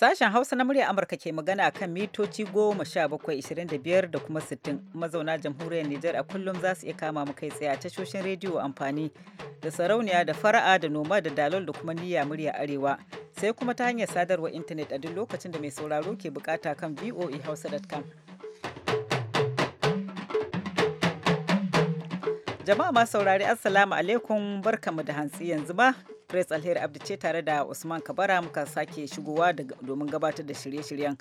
Sashen Hausa na murya Amurka ke magana a kan mitoci goma sha bakwai ishirin da biyar da kuma sittin mazauna jamhuriyar Nijar a kullum za su iya kama mu kai tsaye a tashoshin rediyo amfani da sarauniya da fara'a da noma da dalol da kuma niyya murya arewa sai kuma ta hanyar sadarwar intanet a duk lokacin da mai sauraro ke bukata kan voahausa.com. Jama'a masu saurari Assalamu alaikum barkamu da hantsi yanzu ma Grace Alheri Abdi ce tare da Usman Kabara muka sake shigowa domin gabatar da shirye-shiryen.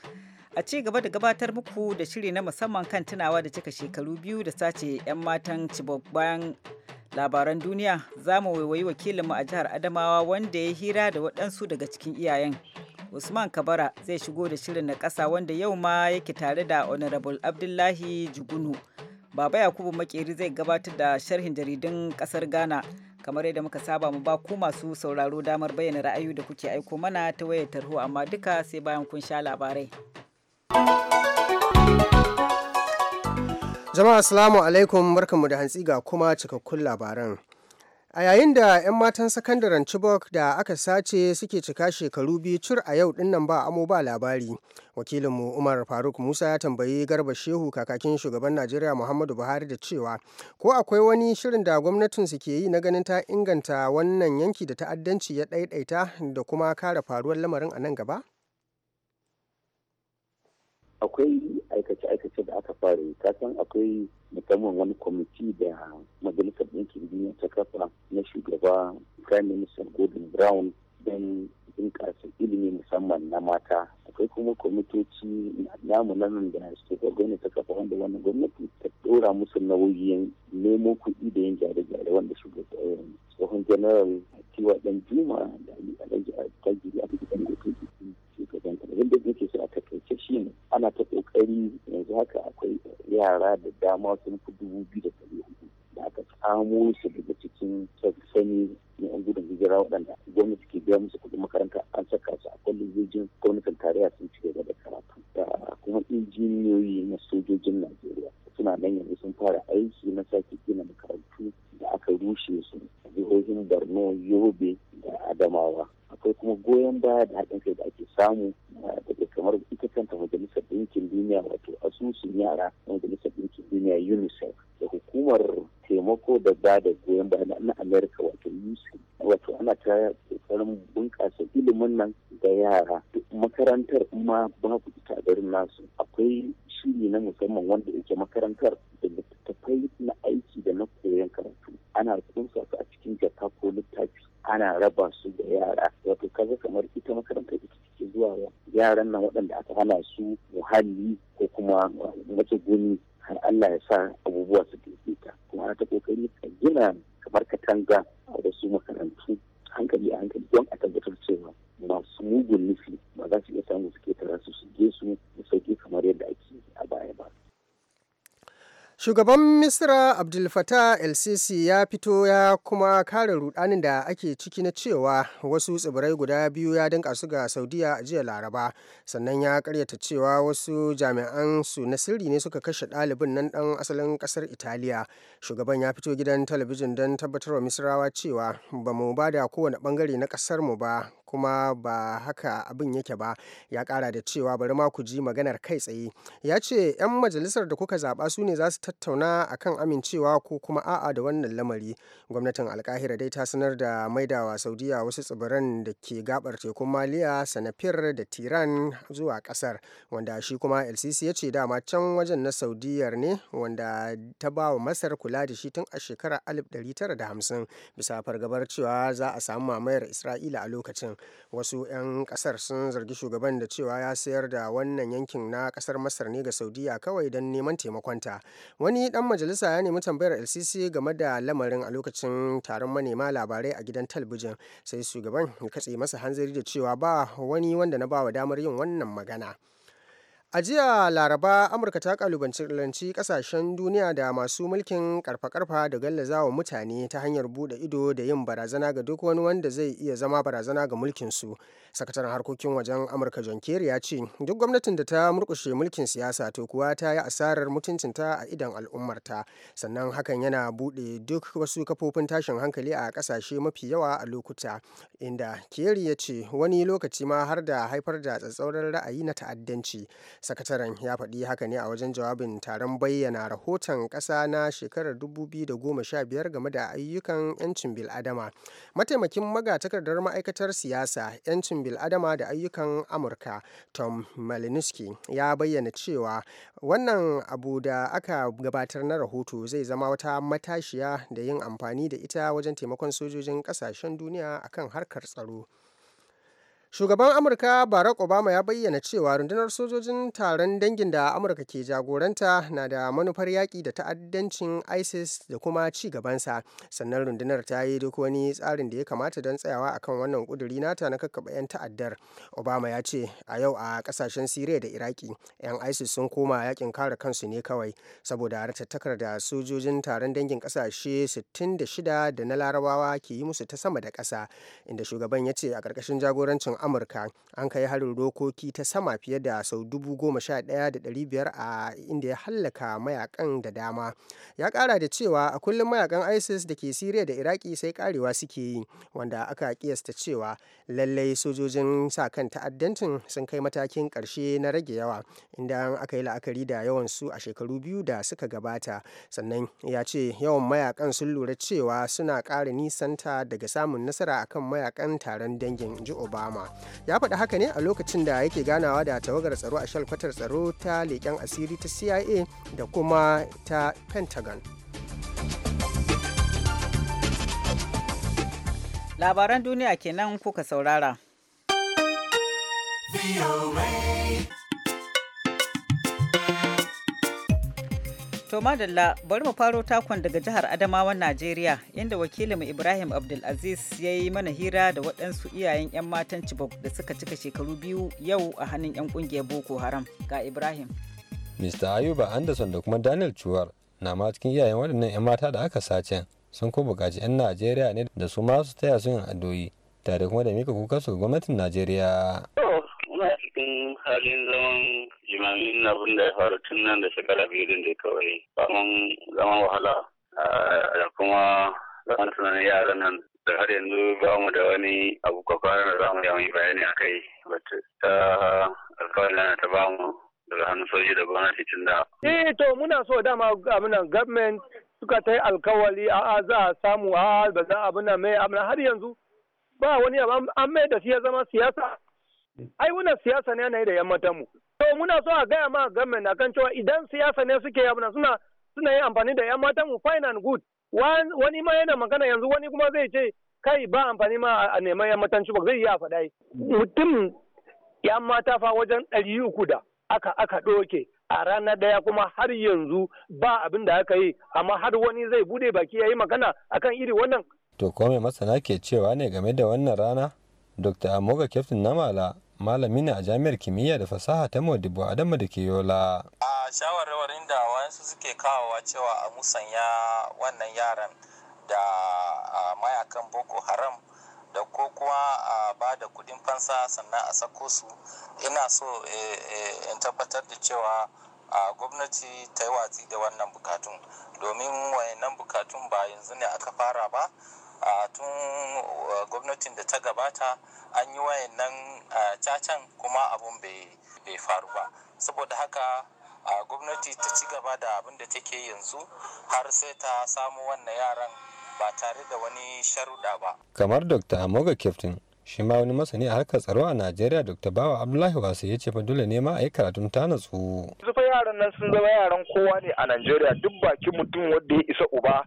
A ci gaba da gabatar muku da shiri na musamman kan tunawa da cika shekaru biyu da sace 'yan matan cibok bayan labaran duniya za mu waiwayi wakilinmu a jihar Adamawa wanda ya hira da waɗansu daga cikin iyayen. Usman Kabara zai shigo da shirin na ƙasa wanda yau ma yake tare da Honorable Abdullahi Jugunu. Baba Yakubu Makeri zai gabatar da sharhin jaridun kasar Ghana kamar yadda muka saba mu ba ku masu sauraro damar bayyana ra'ayi da kuke aiko mana ta wayar tarho amma duka sai bayan kun sha labarai. Jama'a assalamu alaikum barkanmu da hantsi ga kuma cikakkun labaran. a yayin da 'yan matan sakandaren chibok da aka sace suke cika shekaru biyu cur a yau dinnan ba amo ba labari wakilinmu umar faruk musa ya tambayi garba shehu kakakin shugaban najeriya muhammadu buhari da cewa ko akwai wani shirin da gwamnatin su ke yi na ganin ta inganta wannan yanki da ta'addanci ya ɗaiɗaita da kuma kare faruwar lamarin a nan gaba akwai aikace-aikace da aka fara yi kasan akwai musamman wani kwamiti da majalisar ɗinkin duniya ta kafa na shugaba prime minister gordon brown don bunƙasa ilimi musamman na mata akwai kuma kwamitoci na nan da suke gwamnati ta kafa wanda wannan gwamnati ta ɗora musu nauyin nemo kuɗi da yin gyare-gyare wanda shugaban eh, tsohon general tiwa dan juma da ali alhaji a kan a cikin abinda da nake so a takaice shi ne ana ta kokari yanzu haka akwai yara da dama sun fi dubu biyu da dari hudu da aka samo su daga cikin sani na yan gudun hijira waɗanda gwamnati ke biya musu kuɗin makaranta an saka su a kwallon gwamnatin tarayya sun ci gaba da karatu da kuma injiniyoyi na sojojin najeriya suna nan yanzu sun fara aiki na sake gina makarantu da aka rushe su a jihohin borno yobe da adamawa akwai kuma goyon baya da haɗin kai da ake samu kanta majalisar ɗinkin duniya wato asusun yara na majalisar ɗinkin duniya unicef da hukumar taimako da ba da goyon baya na amerika wato usaid wato ana ta kokarin bunƙasa ilimin nan ga yara makarantar ma babu ita a garin nasu akwai shiri na musamman wanda yake makarantar da littattafai na aiki da na koyon karatu ana kunsa su a cikin jaka ko littafi ana raba su da yara wato kaza kamar ita makarantar da take zuwa yaran nan waɗanda aka hana su muhalli ko kuma guni har Allah ya sa abubuwa su ta kuma ta kokari ka gina kamar katanga a wasu makarantu hankali a hankali don a tabbatar cewa masu mugun nufi ba za su iya samu suke tara su shige su Shugaban Misra abdul Fattah el-Sisi ya fito ya kuma kare rudanin da ake ciki na cewa wasu tsibirai guda biyu ya danka su ga Saudiya a jiya Laraba, sannan ya karyata cewa wasu jami'an su na sirri ne suka kashe ɗalibin nan ɗan asalin ƙasar Italiya. Shugaban ya fito gidan talabijin don tabbatarwa Misrawa cewa ba mu bada kowane ɓangare na ƙasar mu ba kuma ba haka abin yake ba ya kara da cewa bari ma ku ji maganar kai tsaye ya ce 'yan majalisar da kuka zaɓa su ne za su tattauna akan amincewa ko kuma a'a da wannan lamari gwamnatin alkahira dai ta sanar da maidawa saudiya wasu tsibiran da ke gabar tekun maliya sanafir da tiran zuwa kasar wanda shi kuma lcc ya ce dama can wajen na saudiyar ne wanda ta ba wa masar kula da shi tun a shekarar 1950 bisa fargabar cewa za a samu mamayar isra'ila a lokacin wasu 'yan kasar sun zargi shugaban da cewa ya sayar da wannan yankin na kasar masar ne ga saudiya kawai don neman taimakonta wani dan majalisa ya nemi tambayar lcc game da lamarin a lokacin taron manema labarai a gidan talbijin sai shugaban ya katse masa hanzari da cewa ba wani wanda na bawa damar yin wannan magana A jiya Laraba, Amurka ta kalubalanci kasashen duniya da masu mulkin karfa-karfa da wa mutane ta hanyar bude ido da yin barazana ga duk wani wanda zai iya zama barazana ga mulkin su Sakataren harkokin wajen Amurka John Kerry ya ce, duk gwamnatin da ta murkushe mulkin siyasa to kuwa ta yi asarar mutuncinta a idan al'ummarta. Sannan hakan yana bude duk wasu kafofin tashin hankali a kasashe mafi yawa a lokuta. Inda Kerry ya ce, wani lokaci ma har da haifar da tsatsauran ra'ayi na ta'addanci. sakataren ya faɗi haka ne a wajen jawabin taron bayyana rahoton ƙasa na shekarar 2015 game da ayyukan 'yancin bil'adama mataimakin magatakardar ma'aikatar siyasa 'yancin bil'adama da ayyukan amurka tom malinowski ya bayyana cewa wannan abu da aka gabatar na rahoto zai zama wata matashiya da yin amfani da ita wajen taimakon sojojin ƙasashen duniya akan harkar tsaro Shugaban Amurka Barack Obama ya bayyana cewa rundunar sojojin taron dangin da Amurka ke jagoranta na da manufar yaƙi da ta'addancin ISIS da kuma ci gabansa. Sannan rundunar ta yi duk wani tsarin da ya kamata don tsayawa akan wannan kuduri nata na kakkaɓa 'yan ta'addar. Obama ya ce a yau a ƙasashen Siriya da Iraki 'yan ISIS sun koma yakin kare kansu ne kawai saboda tattakar da sojojin taron dangin ƙasashe 66 da na Larabawa ke yi musu ta sama da ƙasa inda shugaban ya ce a ƙarƙashin jagorancin amurka an kai harin dokoki ta sama fiye da sau dubu goma sha daya da dari biyar a inda ya hallaka mayakan da dama ya kara da cewa a kullum mayakan isis da ke siriya da iraki sai karewa suke yi wanda aka kiyasta cewa lallai sojojin sa kan ta'addancin sun kai matakin karshe na rage yawa inda aka yi la'akari da yawan su a shekaru biyu da suka gabata sannan ya ce yawan mayakan sun lura cewa suna kara nisanta daga samun nasara akan mayakan taron dangin ji obama ya faɗi haka ne a lokacin da yake ganawa da tawagar tsaro a shalkwatar tsaro ta leƙen asiri ta cia da kuma ta pentagon labaran duniya kenan kuka saurara. To madalla bari mu faro takon daga jihar Adamawan Najeriya inda wakilinmu Ibrahim Abdulaziz ya yi mana hira da waɗansu iyayen 'yan matan Chibok da suka cika shekaru biyu yau a hannun 'yan kungiyar Boko Haram ga Ibrahim. Mr. Ayuba Anderson da kuma Daniel Chuwar na ma cikin iyayen waɗannan 'yan mata da aka sace sun ko buƙaci 'yan Najeriya ne da su ma su taya su yin addu'o'i tare kuma da mika kuka su gwamnatin Najeriya. cikin halin zaman jimamin abin da ya faru tun nan da shekara biyu din da kawai samun zama wahala da kuma zaman tunanin yaran nan da har yanzu ba mu da wani abu kwakwaran da za mu yi bayani a kai ta alkawari na ta ba mu daga hannun soji da gwamnati tun da. Eh to muna so dama abinan government suka ta yi alkawari a za a samu a ba za a abinan mai abinan har yanzu ba wani abu an mai da shi ya zama siyasa ai wannan siyasa ne yanayi da yan matan mu to muna so a gaya ma gamen kan cewa idan siyasa ne suke yamuna suna suna yin amfani da yan matan mu fine and good wani ma yana magana yanzu wani kuma zai ce kai ba amfani ma a neman yan matan ba zai yi a faɗa mutum yan mata fa wajen ɗari uku da aka aka ɗoke a rana ɗaya kuma har yanzu ba abin da aka yi amma har wani zai bude baki ya yi magana akan iri wannan. To ko me masana ke cewa ne game da wannan rana? Dr. Amoga Kyaftin Namala malami ne a jami'ar kimiyya da fasaha ta modibo adamu da ke yola a shawarwarin da wasu suke kawowa cewa a musanya wannan yaran da mayakan boko haram da ko kuwa a ba da kudin fansa sannan a sako su ina so e, e, in tabbatar da cewa a gwamnati ta yi watsi da wannan bukatun domin wayannan bukatun ba yanzu ne aka fara ba a tun gwamnatin da ta gabata an yi nan cacan kuma abun bai faru ba saboda haka gwamnati ta ci gaba da abin da take yanzu har sai ta samu wannan yaran ba tare da wani sharuda ba kamar dr moga captain shi ma wani masani a harkar tsaro a najeriya dr bawa abdullahi wasu ya ce dole ne ma a yi karatun ta natsu zufa yaran nan sun zama yaran kowa ne a najeriya duk baki mutum wanda ya isa uba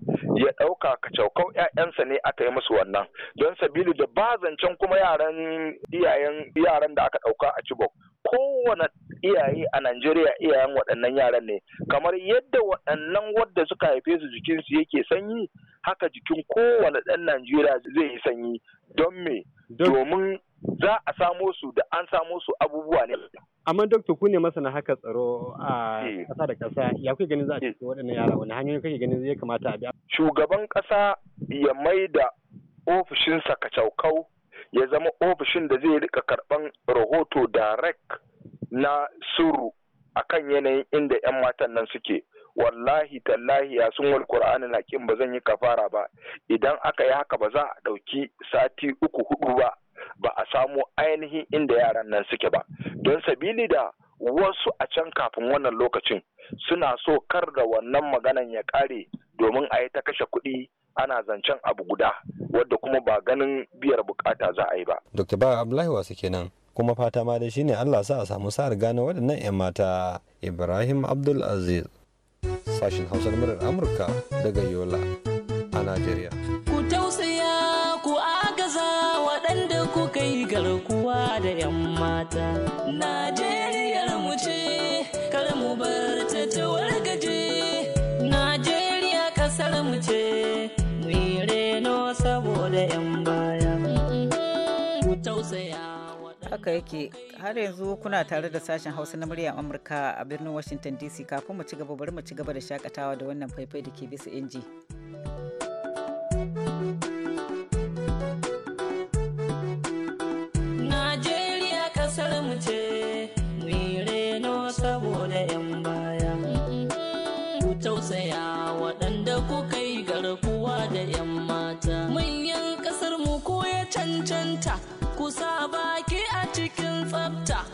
ya ɗauka kacaukau 'ya'yansa ne aka yi musu wannan don sabili da ba zancen kuma yaran iyayen yaran da aka ɗauka a cibok kowane iyaye a Najeriya iyayen waɗannan yaran ne kamar yadda waɗannan wadda suka haife su jikinsu yake sanyi haka jikin kowane ɗan Najeriya zai yi sanyi don me domin za a samo su da an samo su abubuwa ne. Amma doktor ku ne masana haka tsaro a hmm. ƙasa da ƙasa ya kuke ganin za a ce waɗannan yara wani hanyoyi kake ganin zai kamata a biya. Shugaban ƙasa ya mai da ofishinsa kacaukau ya zama ofishin da zai rika karɓan rahoto direct na suru akan yanayin inda 'yan matan nan suke. wallahi tallahi ya sun wal qur'ani na kin ba zan yi kafara ba idan aka yi haka ba za a dauki sati uku hudu ba ba a samu ainihin inda yaran nan suke ba don sabili da wasu a can kafin wannan lokacin suna so kar da wannan maganan ya kare domin a yi ta kashe kuɗi ana zancen abu guda wadda kuma ba ganin biyar bukata za a yi ba. Dr. Ba Abdullahi wasu kenan kuma fata ma da shine Allah sa a samu sa'ar gane waɗannan 'yan mata Ibrahim Abdul Aziz Sashen Hausa na murar Amurka daga Yola a Najeriya. Ku tausaya ku agaza waɗanda ku kai garkuwa da 'yan mata. Najeriya mu ce, kar mu bar ta ta wargaje. Najeriya ƙasar mu ce, mu reno saboda 'yan baya. Mm-hmm. Ku tausaya. har yanzu kuna tare da sashen hausa na murya amurka a birnin washington dc kafin mu ci gaba bari mu ci gaba da shakatawa da wannan faifai da ke bisa inji najeriya ƙasar mu ce mu saboda yan baya ku tausaya waɗanda kuka yi garkuwa da yan mata ku ya cancanta Kusa sa baki a cikin tsafta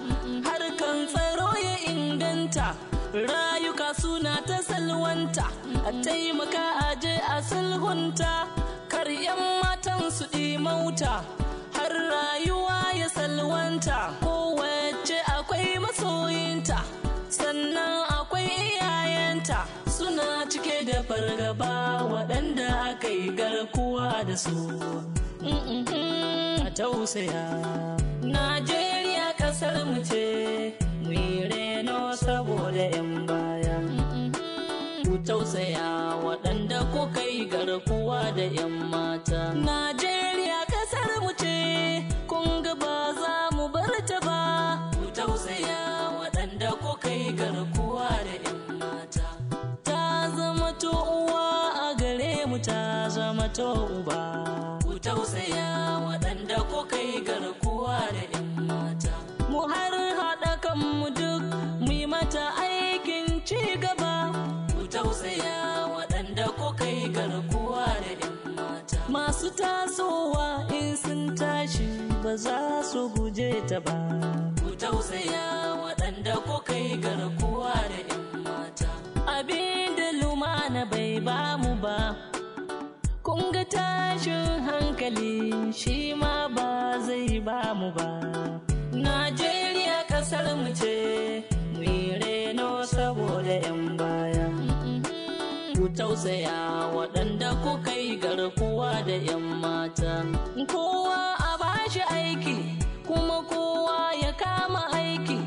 harkan tsaro ya inganta rayuka suna ta salwanta a taimaka aje a sulhunta kar 'yan matan su mauta har rayuwa ya salwanta kowace akwai masoyinta sannan akwai iyayenta suna cike da fargaba waɗanda aka yi garkuwa da su a tausaya najeriya kasar mu ce mu yi reno saboda 'yan baya ku tausaya waɗanda kuka yi garkuwa da 'yan mata najeriya kasar mu ce kun ga ba za mu bar ta ba ku tausaya waɗanda kuka yi garkuwa da 'yan mata ta zama to uwa a gare mu ta zama to uba tausaya waɗanda ko kai garkuwa da 'yan mata. Mu har haɗa kanmu duk mu yi mata aikin ci gaba. Mu tausaya waɗanda ko kai garkuwa da 'yan mata. Masu tasowa in sun tashi ba za su guje ta ba. Mu tausaya waɗanda ko kai garkuwa da 'yan mata. Abin da lumana bai bamu ba. ga tashin hankali shi ma ba zai ba mu ba. Najeriya ƙasarmu mu ce, mu reno saboda 'yan baya. Ku tausaya waɗanda kuka yi garkuwa da 'yan mata. Kowa a bashi aiki, kuma kowa ya kama aiki.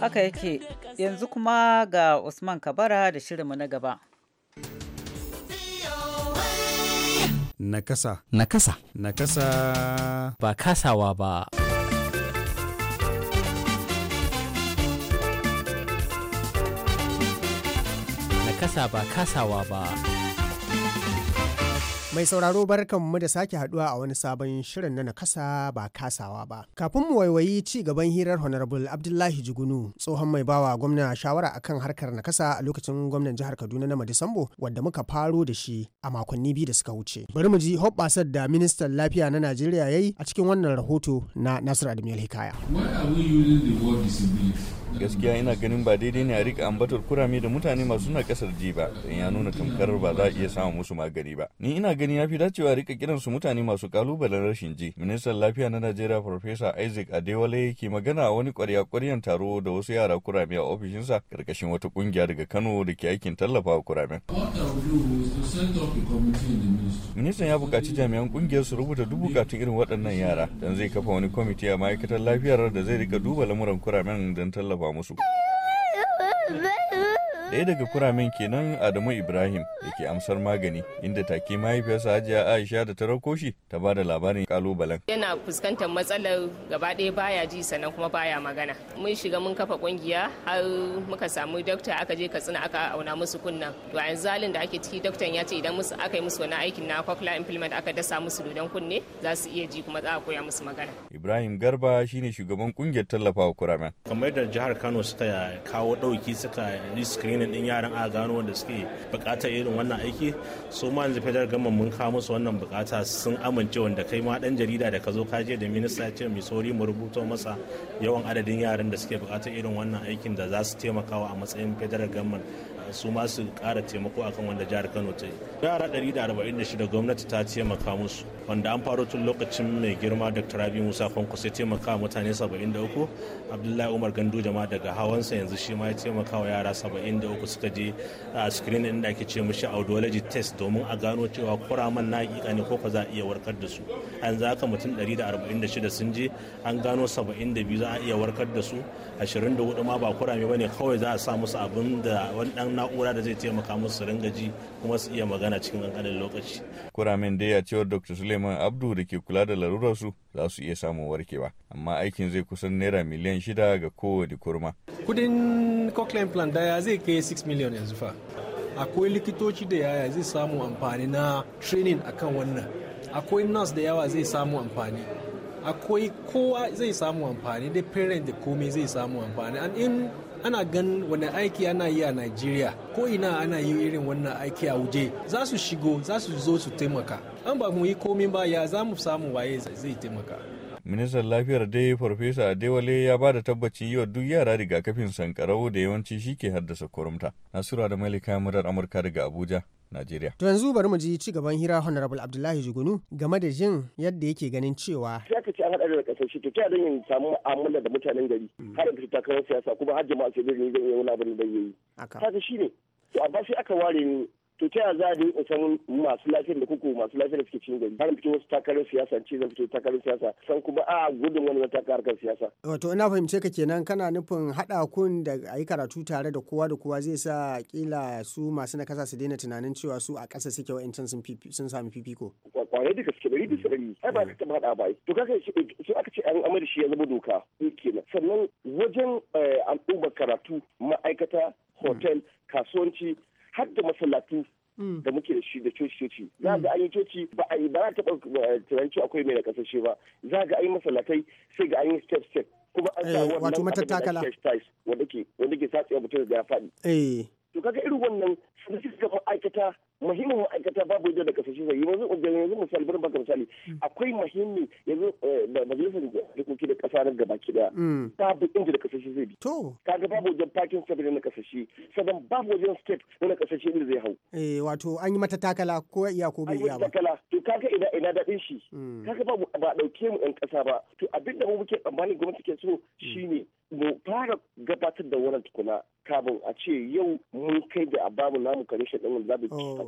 Haka yake yanzu kuma ga Usman Kabara da shirinmu na gaba. Nakasa. Nakasa. Nakasa. Ba kasawa ba. Nakasa ba kasawa ba. Mai sauraro mu da sake haduwa a wani sabon shirin na nakasa ba kasawa ba. Kafin mu waiwayi ci gaban hirar Honorable Abdullahi Jugunu, tsohon mai bawa gwamna shawara akan harkar nakasa a lokacin gwamnan jihar Kaduna na Madisambo wadda muka faro da shi a makonni biyu da suka wuce. Bari mu ji hoɓɓasar da ministan lafiya na Najeriya ya yi a cikin wannan rahoto na Nasiru Adamu Hikaya. Why are we using the word disability? gaskiya ina ganin ba daidai ne a rika ambatar kurame da mutane masu na kasar ji ba don ya nuna tamkar ba za a iya samun musu magani ba ni ina gani ya fi dacewa rika kiran su mutane masu kalubalen rashin ji ministan lafiya na najeriya farfesa isaac adewale ke magana a wani kwarya kwaryan taro da wasu yara kurame a ofishinsa karkashin wata kungiya daga kano da ke aikin tallafawa kuramen ministan ya buƙaci jami'an kungiyar su rubuta duk bukatun irin waɗannan yara don zai kafa wani kwamiti a ma'aikatar lafiyar da zai rika duba lamuran kuramen don tallafa vamos. ɗaya daga kuramin kenan adamu ibrahim da ke amsar magani inda take mahaifiyarsa hajiya aisha da ta rauko shi ta ba da labarin kalubalen yana fuskantar matsalar gaba ɗaya baya ji sannan kuma baya magana mun shiga mun kafa ƙungiya har muka samu dokta aka je katsina aka auna musu kunnan to a yanzu halin da ake ciki doktan ya ce idan musu aka yi musu wani aikin na cochlear implement aka dasa musu dodon kunne za su iya ji kuma za a koya musu magana ibrahim garba shi ne shugaban kungiyar tallafawa kuramin. kamar yadda jihar kano suka kawo ɗauki suka yi training din yaran a gano wanda suke bukatar irin wannan aiki su ma yanzu federal gama mun kawo musu wannan bukata sun amince wanda kai ma dan jarida da ka zo ka je da minista ce mai sauri mu rubuto masa yawan adadin yaran da suke bukatar irin wannan aikin da za su taimakawa a matsayin federal gama su ma su kara taimako akan wanda jihar kano ta yi yara 146 gwamnati ta taimaka musu wanda an faro tun lokacin mai girma dr rabi musa fanko sai taimaka mutane 73 abdullahi umar gandu jama daga hawansa yanzu shi ma ya taimaka wa yara 73 suka je a screen din da ake ce mishi audiology test domin a gano cewa kuraman na hakika ne ko ka za a iya warkar da su an za ka mutum 146 sun je an gano 72 za a iya warkar da su da hudu ma ba kurame bane kawai za a sa musu abin da wani dan na'ura da zai taimaka musu su ringa ji kuma su iya magana cikin kankanin lokaci kuramen dai a cewar dr suleiman abdu da ke kula da larurar su za su iya samun warkewa amma aikin zai kusan naira miliyan shida ga kowane kurma kudin cochlear implant daya zai kai 6 miliyan yanzu fa akwai likitoci da yaya zai samu amfani na training akan wannan akwai nurse da yawa zai samu amfani akwai kowa zai samu amfani da parent da komai zai samu amfani an in ana gan wani aiki ana yi a nigeria ko ina ana yi irin wannan aiki a waje za su shigo za su zo su taimaka an ba mu yi komai ba ya za mu samu waye zai taimaka ministan lafiyar dai farfesa adewale ya ba da tabbaci wa duk yara rigakafin sankarau da yawanci shi ke haddasa kurumta nasiru da malika murar amurka daga abuja Najeriya. To yanzu bari mu ji ci gaban hira Honorable Abdullahi Jugunu game da jin yadda yake ganin cewa. sai aka ce an haɗa da ƙasar shi to ta don yin samu amulla da mutanen gari har da takarar siyasa kuma har jama'a ce zai yi zai yi wani abin da zai yi. Haka. shi ne. To amma sai aka ware ni to ta yaya za a dinga san masu lafiyar da kuku masu lafiyar da suke cikin gari har fito wasu takarar siyasa ce zan fito takarar siyasa san kuma a gudun wani zan taka harkar siyasa. wato ina fahimce ka kenan kana nufin haɗa kun da a yi karatu tare da kowa da kowa zai sa kila su masu na kasa su daina tunanin cewa su a ƙasa suke wa'incan sun sami fifiko. kwarai da suke bari bisa bari ai ba ka taɓa haɗa ba to kaga su aka ce an amar shi ya zama doka kenan sannan wajen eh, al'ummar karatu ma'aikata hotel hmm. kasuwanci har da masallatu mm. da muke da shi da coci-coci mm. za ga an yi coci ba a yi ba za taɓa turanci akwai mai da kasashe ba za ga an yi masallatai sai ga an yi step step kuma an sa eh, wannan wato matattakala wanda ke wanda ke sa tsaye mutum da ya faɗi eh. to kaga irin wannan sun suka ga aikata. muhimmin ma'aikata babu yadda da kasashe zai yanzu yanzu misali bari baka misali mm. akwai muhimmi yanzu eh, da majalisar dokoki da kasa na gaba ki daya mm. babu inda da kasashe zai bi to kaga babu wajen parking saboda na kasashe sannan babu wajen state na kasashe inda zai hau eh wato an yi mata takala ko iya ko bai iya ba takala to kaga ina ina dadin shi mm. kaga babu ba dauke mu yan kasa ba to abinda mu muke tsammanin gwamnati ke so shine mu fara gabatar da wannan tukuna kabin a ce yau mun kai da abamu namu kare shi din wanda za mu oh.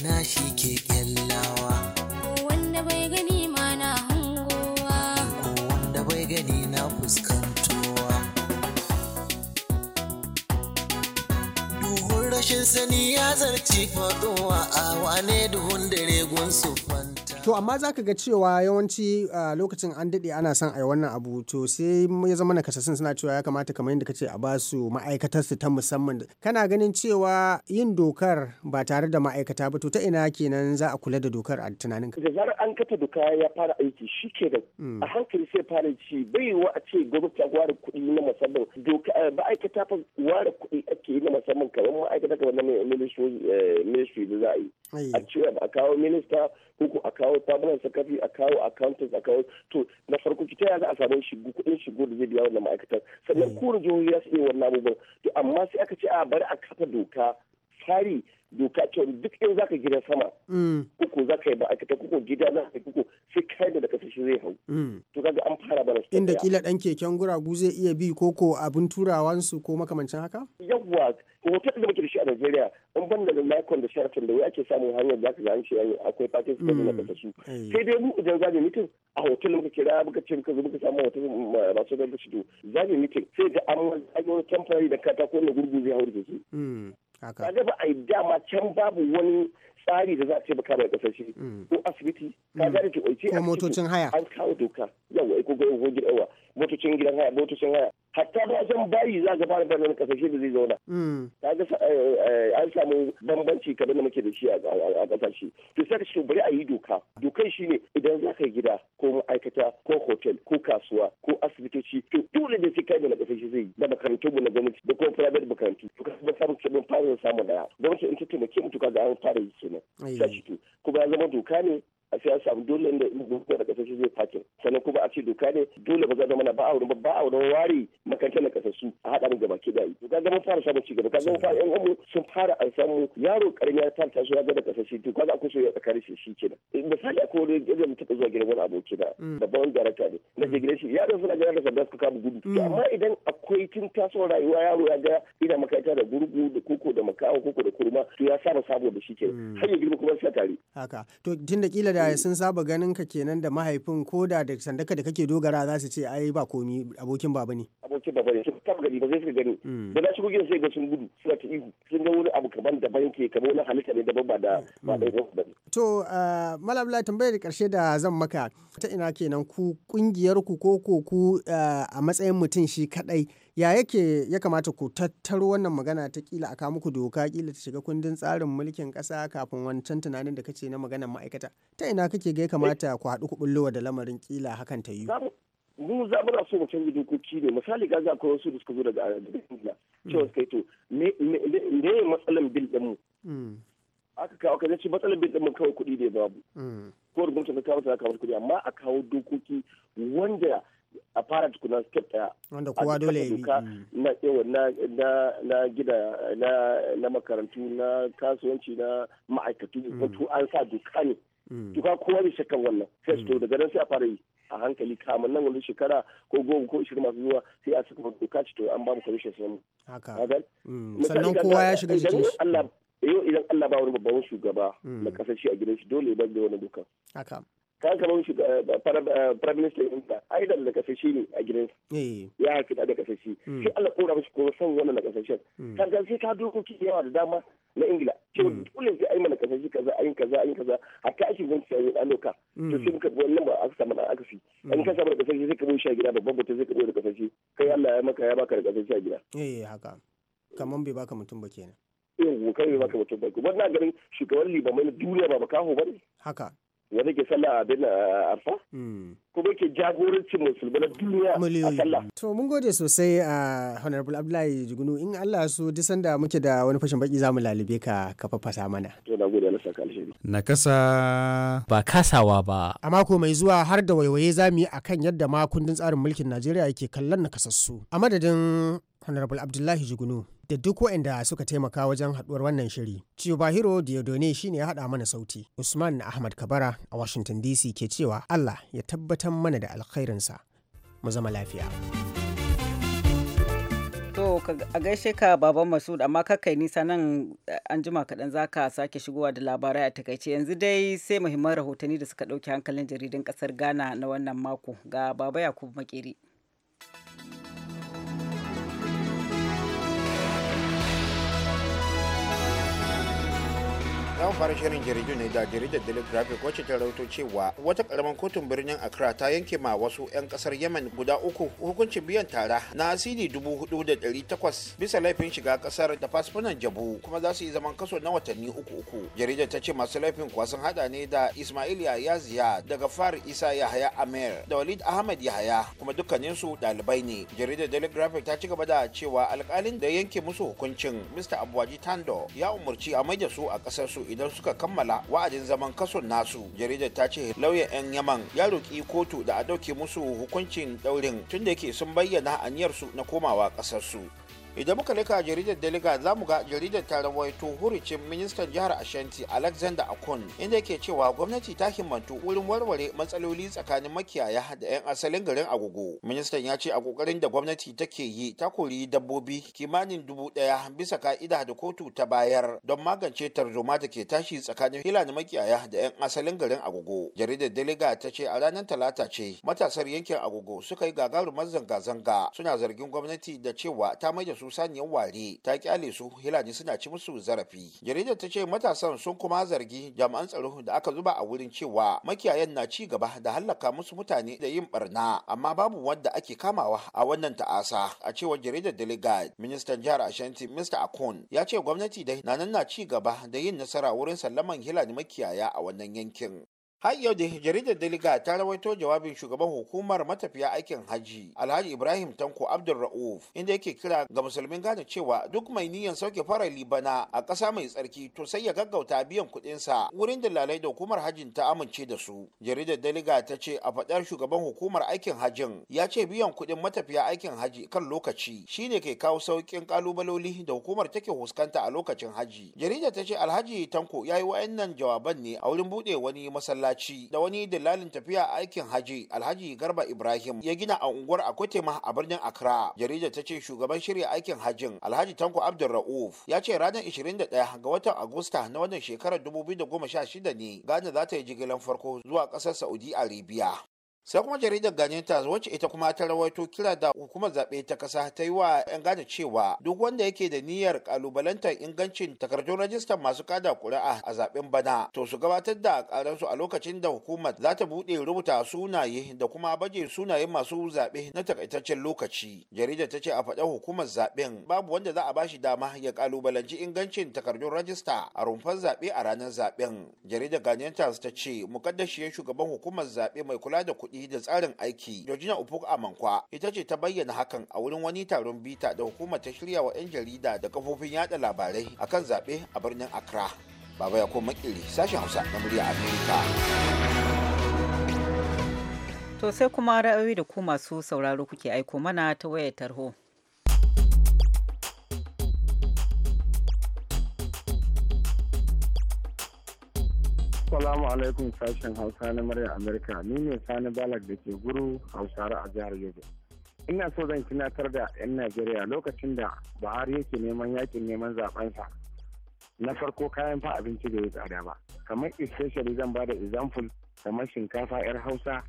Ina shi ke kyallawa wanda bai gani ma na hangowa ko wanda bai gani na fuskantowa duhun rashin sani ya zarci faɗowa a wane duhun dare gunsu fana to amma za ka ga cewa yawanci ah, lokacin an daɗe ana son ai wannan abu to sai ya zama na kasasin suna cewa ya kamata kamar yadda kace a ba su ma'aikatar su ta musamman kana ganin cewa yin dokar ba tare da ma'aikata ba to ta ina kenan za a kula da dokar a tunanin ka da zarar an kata doka ya fara aiki shi ke da hmm. a hankali sai fara ci bai wa a ce gwamnati ta ware kuɗi na musamman doka eh, ma'aikata fa ware kuɗi ake yi na musamman kamar ma'aikata kamar na ministry eh, da za a yi a cewa ba a kawo minista ko a kawo permanent secretary a kawo accountants a kawo to na farko ki ta za a samu shigo kuɗin shigo da zai biya wannan ma'aikatar sannan mm. kura jihohi ya su iya wannan abubuwan to amma sai aka ce a bari a kafa doka tsari doka wani duk in zaka gida sama mm. kuku ka yi ba ma'aikata kuku gida na ka kuku sai kai da daga shi zai hau mm. to kaga an fara bana su inda kila dan keken guragu zai iya bi ko ko abin turawansu ko makamancin haka yawwa hotel da muke da shi a Najeriya an ban da Lycon da Sheraton da wai ake samu hanyar da ka gani an akwai fatin su da mm. ta su sai dai mu idan zaje mitin a hotel muka kira muka ce muka zo muka samu hotel masu da su zaje mitin sai da an wani temporary da katako na gurgu zai hau da su kaga ba a yi dama can babu wani tsari da za a ce taimaka mai kasashe mm. ko asibiti mm. ka ga da ke oice a motocin haya an kawo doka yawa ko ko ko gidan motocin gidan haya motocin haya hatta ba zan bayi za ga fara bayan kasashe da zai zauna mm. ka ga eh, eh, an samu bambanci kamar da muke da shi a kasashe to sai ka ce bari a yi doka dokan shi ne idan za ka gida ko ma'aikata ko hotel ko kasuwa ko asibitoci to dole da sai kai da kasashe zai yi da makarantu mu na gwamnati da kuma private makarantu to ka yin samun daya gwamnati in ta taimake ke mutuka kaga an fara yi kenan eh. sashi to kuma ya zama doka ne a sai an samu dole in gudu da kasashe zai fake sannan kuma a ce doka ne dole ba za zama na ba a wurin ba a wurin ware makarantar da kasashe a haɗa gaba ke dai ka zama fara samun gaba ka zama fara yan umu sun fara an samu yaro karin ya fara taso ya ga da kasashe to kaga akwai soyayya tsakanin shi shi kenan eh, misali akwai wani gidan mu zuwa gidan wani aboki da mm. babban darakta ne na ya yaran suna ganin da sanda suka kama gudu to mm. amma idan akwai tun tasowar rayuwa yaro ya ga ina makaranta da gurgu da koko da makawa koko da kurma to ya saba sabo da shi kenan mm. har ya girma kuma sai tare haka to tunda kila da mm. sun saba ganin ka kenan da mahaifin ko da da sandaka da kake dogara za su ce ai ba komi abokin baba ne abokin baba ne su taba gani ba zai suka gani da na shigo gidan sai ga sun gudu suna ta ihu sun ga wani abu kaman daban ke kaman wani halitta ne daban ba da ba da To, uh, eh, malabla tambayar karshe da zan maka ta ina kenan ku kungiyar ku ko ko ku eh, a matsayin mutum shi kadai ya yake ya kamata ku tattaro wannan magana ta kila a muku doka kila ta shiga kundin tsarin mulkin kasa kafin wancan tunanin da kace na maganar ma'aikata ta ina kake ga ya kamata ku haɗu ku bullowa da lamarin kila hakan ta yi. mu za mu so mu canza dokoki ne misali ga za ku wasu da suka zo daga daga Ingila hmm. cewa kai to me me matsalan bil din mu hmm. aka kawo ka ce matsalar bai ɗin kawai kuɗi ne babu hmm. ko da gwamnati ta kawo ta kawo kuɗi amma a kawo dokoki wanda a fara tukuna step ɗaya wanda kowa dole ya doka hmm. na yawa na na gida na na makarantu na kasuwanci na ma'aikatu hmm. wato an sa doka ne doka kowa zai shakkan wannan first to daga nan sai a fara yi a hankali kamar nan wani shekara ko goma ko ishirin masu zuwa sai a saka doka ce to an ba mu commission sai mu sannan kowa ya shiga cikin yau idan Allah ba wani babban shugaba hmm. na kasar shi a gidan shi dole ban da wani duka haka eh, kan kamar shi eh, prime minister inda ai da na kasar shi ne a gidan eh. ya haka da kasar shi hmm. shi Allah kora mishi ko san wannan na kasar shi hmm. kan sai ka dokoki yawa da dama na ingila ce dole sai ai mana kasashe kaza ayin kaza ayin kaza hatta ake zan ci ayin aloka to sai muka wannan ba aka samu aka fi an ka samu da kasashe sai ka boye shi gida babban mutum sai ka boye da kasashe kai Allah ya maka ya baka da kasashe a gida eh haka kaman bai baka mutum ba kenan yawwa kai ne ka mutum bai kuma na ganin shugaban liba mai duniya ba ba ne haka wani ke sallah a bin arfa hmm. kuma ke jagorancin musulmi na duniya a sallah to mun gode sosai a honorable abdullahi jigunu in allah su duk sanda muke da wani fashin baki zamu lalube ka ka fafasa mana to na gode Allah saka alheri na kasa ba kasawa ba a mako mai zuwa har da waiwaye zamu yi akan yadda ma kundin tsarin mulkin Najeriya yake kallon nakasassu a madadin honorable abdullahi jigunu da duk waɗanda suka taimaka wajen haɗuwar wannan shiri. bahiro Diodone shi ne ya haɗa mana sauti. Usman Ahmad Kabara a Washington DC ke cewa Allah ya tabbatar mana da alkhairinsa. Mu zama lafiya. To a gaishe ka baban Masud amma kakai nisa nan eh, an jima kaɗan za ka sake shigowa da labarai a takaice yanzu dai sai muhimman rahotanni da suka ɗauki hankalin jaridan ƙasar Ghana na wannan mako ga baba Yakubu Makeri. zamu fara shirin jaridu ne da jaridar daily graphic wacce ta rauto cewa wata karamar kotun birnin accra ta yanke ma wasu 'yan kasar yemen guda uku hukuncin biyan tara na asiri dubu hudu da dari takwas bisa laifin shiga kasar da fasfunan jabu kuma za su yi zaman kaso na watanni uku uku jaridar ta ce masu laifin kuwa sun hada ne da ismail yahaya ziya daga far isa yahaya amer da walid ahmad yahaya kuma dukkanin su dalibai ne jaridar daily ta ci gaba da cewa alkalin da yanke musu hukuncin mr abuwaji tando ya umarci a maida su a kasar su idan suka kammala wa'adin zaman kason nasu jaridar ta ce lauyan 'yan yaman ya roƙi kotu da a dauke musu hukuncin daurin tunda yake sun bayyana aniyarsu na komawa ƙasarsu idan muka leka jaridar deliga za mu ga jaridar ta rawaito hurucin ministan jihar ashanti alexander akon inda yake cewa gwamnati ta himmantu wurin warware matsaloli tsakanin makiyaya da 'yan asalin garin agogo ministan ya ce a kokarin da gwamnati take yi ta kori dabbobi kimanin dubu daya bisa ka'ida da kotu ta bayar don magance tarzoma da ke tashi tsakanin hilani makiyaya da 'yan asalin garin agogo jaridar deliga ta ce a ranar talata ce matasar yankin agogo suka yi gagarumar zanga-zanga suna zargin gwamnati da cewa ta maida su saniyar ware ta kyale su hilani suna ci musu zarafi jaridar ta ce matasan sun kuma zargi jami'an tsaro da aka zuba a wurin cewa makiyayan na ci gaba da hallaka musu mutane da yin barna amma babu wanda ake kamawa a wannan ta'asa a cewar jaridar delegate ministan jihar ashanti mr akon ya ce gwamnati dai na nan na ci gaba da yin nasara wurin sallaman hilani makiyaya a wannan yankin Har yau da jaridar daliga ta rawaito jawabin shugaban hukumar matafiya aikin haji Alhaji Ibrahim Tanko abdul ra'uf inda yake kira ga musulmin gane cewa duk mai niyan sauke fara bana a ƙasa mai tsarki to sai ya gaggauta biyan kuɗinsa wurin dalalai da hukumar hajin ta amince da su. Jaridar daliga ta ce a faɗar shugaban hukumar aikin hajin ya ce biyan kuɗin matafiya aikin haji kan lokaci shine ke kawo sauƙin ƙalubaloli da hukumar take fuskanta a lokacin haji. Jaridar ta ce Alhaji Tanko ya yi wa'annan jawaban ne a wurin buɗe wani masallaci. masallaci da wani dalilin tafiya aikin haji alhaji garba ibrahim ya gina a unguwar akotema a birnin accra jarida ta ce shugaban shirya aikin hajin alhaji tanko abdul abdulra'uf ya ce ranar 21 ga watan agusta na wannan shekarar 2016 ne ghana za ta yi jigilan farko zuwa ƙasar saudi arabia sai kuma jaridar ganin wacce ita kuma ta rawaito kira da hukumar zaɓe ta ƙasa ta yi wa 'yan gane cewa duk wanda yake da niyyar kalubalantar ingancin takardun rajistar masu kada kuri'a a zaɓen bana to su gabatar da ƙaransu a lokacin da hukumar za ta buɗe rubuta sunaye da kuma baje sunaye masu zaɓe na takaitaccen lokaci jaridar ta ce a faɗin hukumar zaɓen babu wanda za a ba shi dama ya kalubalanci ingancin takardun rajista a rumfar zaɓe a ranar zaɓen jaridar ganin ta ce mukaddashiyar shugaban hukumar zaɓe mai kula da kuɗi kuɗi da tsarin aiki georgina upuk amankwa ita ce ta bayyana hakan a wurin wani taron bita da hukumar ta shirya wa 'yan jarida da kafofin yada labarai akan zaɓe a birnin accra baba ya kuma makili sashen hausa na murya amerika to sai kuma ra'ayoyi da ku masu sauraro kuke aiko mana ta wayar tarho Assalamu alaikum sashen Hausa na murya Amerika. Ni ne Sani Balak da ke guru Hausare a jihar Yobe. Ina so zan tunatar da 'yan Najeriya lokacin da Buhari yake neman yakin neman sa Na farko kayan fa abinci da ya tsada ba. Kamar especially zan ba da example kamar shinkafa 'yar Hausa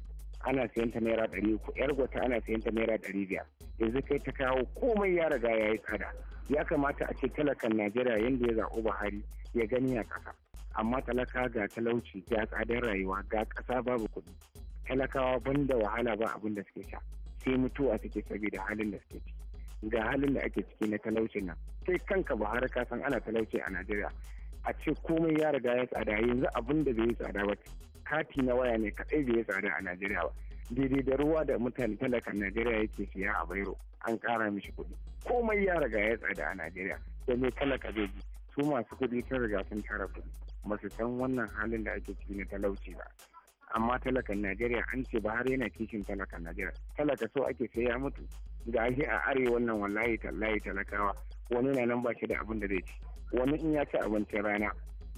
ana sayan ta naira ɗari uku, 'yar gwata ana sayan ta naira ɗari biyar. Yanzu kai ta kawo komai ya riga ya yi tsada. Ya kamata a ce talakan Najeriya yadda ya zaɓo Buhari ya gani a ƙasa. amma talaka ga talauci ga tsadar rayuwa ga ƙasa babu kuɗi talakawa banda wahala ba abin da suke sha sai mutuwa suke saboda halin da suke ciki ga halin da ake ciki na talaucin nan sai kanka buhari ka san ana talauci a najeriya a ce komai ya riga ya tsada yanzu abin da bai yi tsada ba kati na waya ne kaɗai bai yi tsada a najeriya ba daidai da ruwa da mutane talakan najeriya yake siya a bairo an ƙara mishi kuɗi komai ya riga ya tsada a najeriya da mai talaka zai ji su masu kuɗi sun riga sun tara kuɗi ba su san wannan halin da ake ciki na talauci ba amma talakan najeriya an ce ba har yana kishin talakan najeriya talaka so ake sai ya mutu ga shi a arewa wannan wallahi tallahi talakawa wani na nan ba shi da abin da zai ci wani in ya ci abincin rana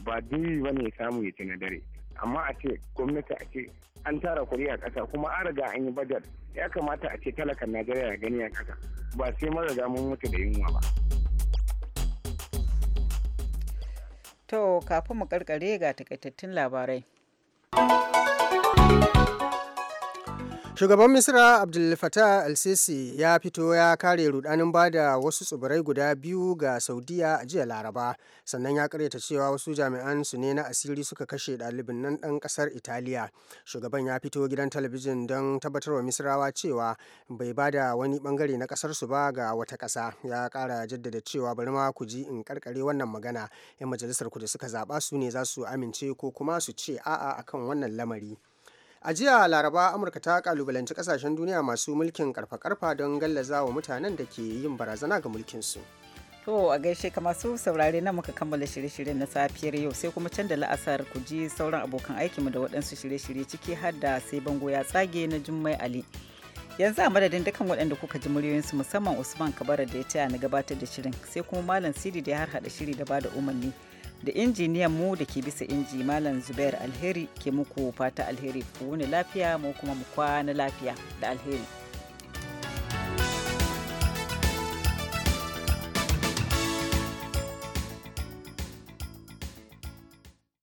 ba duyi ba ne samu ya ci na dare amma a ce gwamnati a ce an tara kuri a kasa kuma an riga an yi bajar ya kamata a ce talakan najeriya ya gani a kasa ba sai mun riga mun mutu da yunwa ba. To kafin mu karkare ga takaitattun labarai. Shugaban Misra Abdul Fattah al-Sisi ya fito ya kare rudanin bada wasu tsibirai guda biyu ga Saudiya a jiya Laraba, sannan ya karyata cewa wasu jami'an su ne na asiri suka kashe ɗalibin nan ɗan ƙasar Italiya. Shugaban ya fito gidan talabijin don tabbatarwa Misrawa cewa bai bada wani bangare na ƙasar su ba ga wata ƙasa. Ya kara jaddada cewa bari ma ku ji in karkare wannan magana, 'yan majalisar ku da suka zaɓa su ne za su amince ko kuma su ce a'a akan wannan lamari. a jiya laraba amurka ta kalubalanci kasashen duniya masu mulkin karfa-karfa don gallaza wa mutanen da ke yin barazana ga mulkinsu to a gaishe ka masu saurare na muka kammala shirye-shiryen na safiyar yau sai kuma canza la'asar ku ji sauran abokan aikinmu da waɗansu shirye-shirye ciki har da sai bango ya tsage na jummai ali yanzu a madadin dukkan waɗanda kuka ji muryoyinsu musamman usman kabara da ya taya na gabatar da shirin sai kuma malam sidi da ya harhaɗa shiri da bada umarni da injiniyan mu da ke bisa inji malam zubair alheri ke muku fata alheri ku wuni lafiya mu kuma mu kwana lafiya da alheri